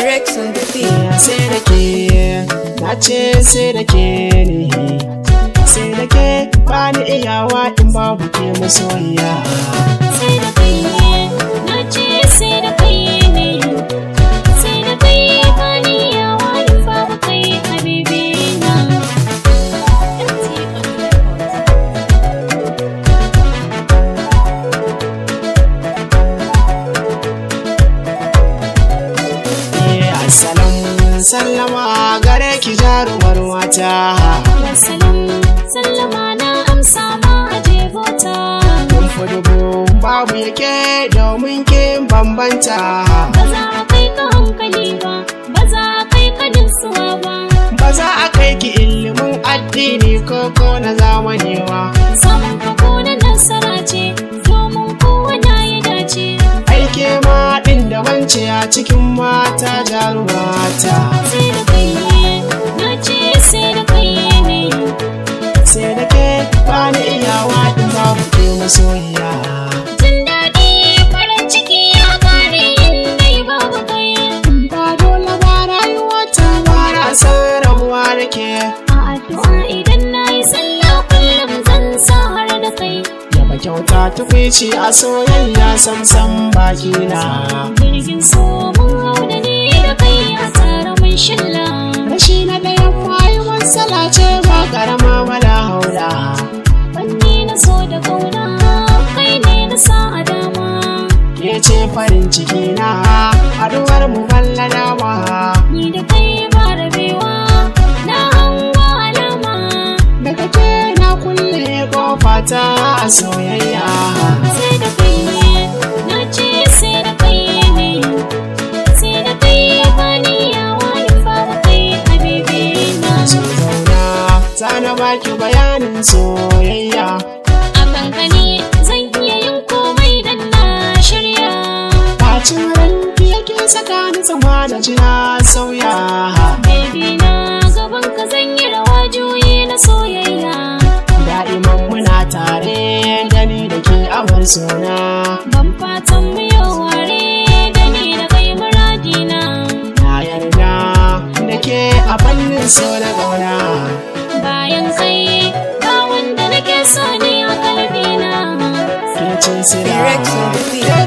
Rex on the Say the key, sai da ke ne. Sai da ke ba ni iyawa in babu ke masoyiya. sallama gare ki jarumar mata. sallama na amsa ma a jebota. Kun dubu babu yake domin kin bambanta. Ba za a kai ka hankali ba, ba za a kai ka dinsuwa ba. Ba za a kai ki ilimin addini ko ko na zamani ba. Samun ka ko na nasara ce, domin kowa na yi dace. Aike ma ɗin da wance a cikin mata jarumata. masoyiya jin daɗi farin ciki ya kare in dai babu kai ba dole ba rayuwa ta ba na ke a addu'a idan na yi sallah kullum zan sa har da kai yaba kyauta tukwici a soyayya sam sam baki A soyayya sai da kai na ce sai da kai ne sai da kai bani ya fara kai habibi na za na baki bayanin soyayya a kankani zan iya yin komai dan na shirya bacin ranki yake saka ni zama da jina sauya suna ban fatan biyo ware da ni da kai muradi na na yarda da ke a fannin so da gauna bayan sai. ba wanda nake so ne a kalbina ke ce sila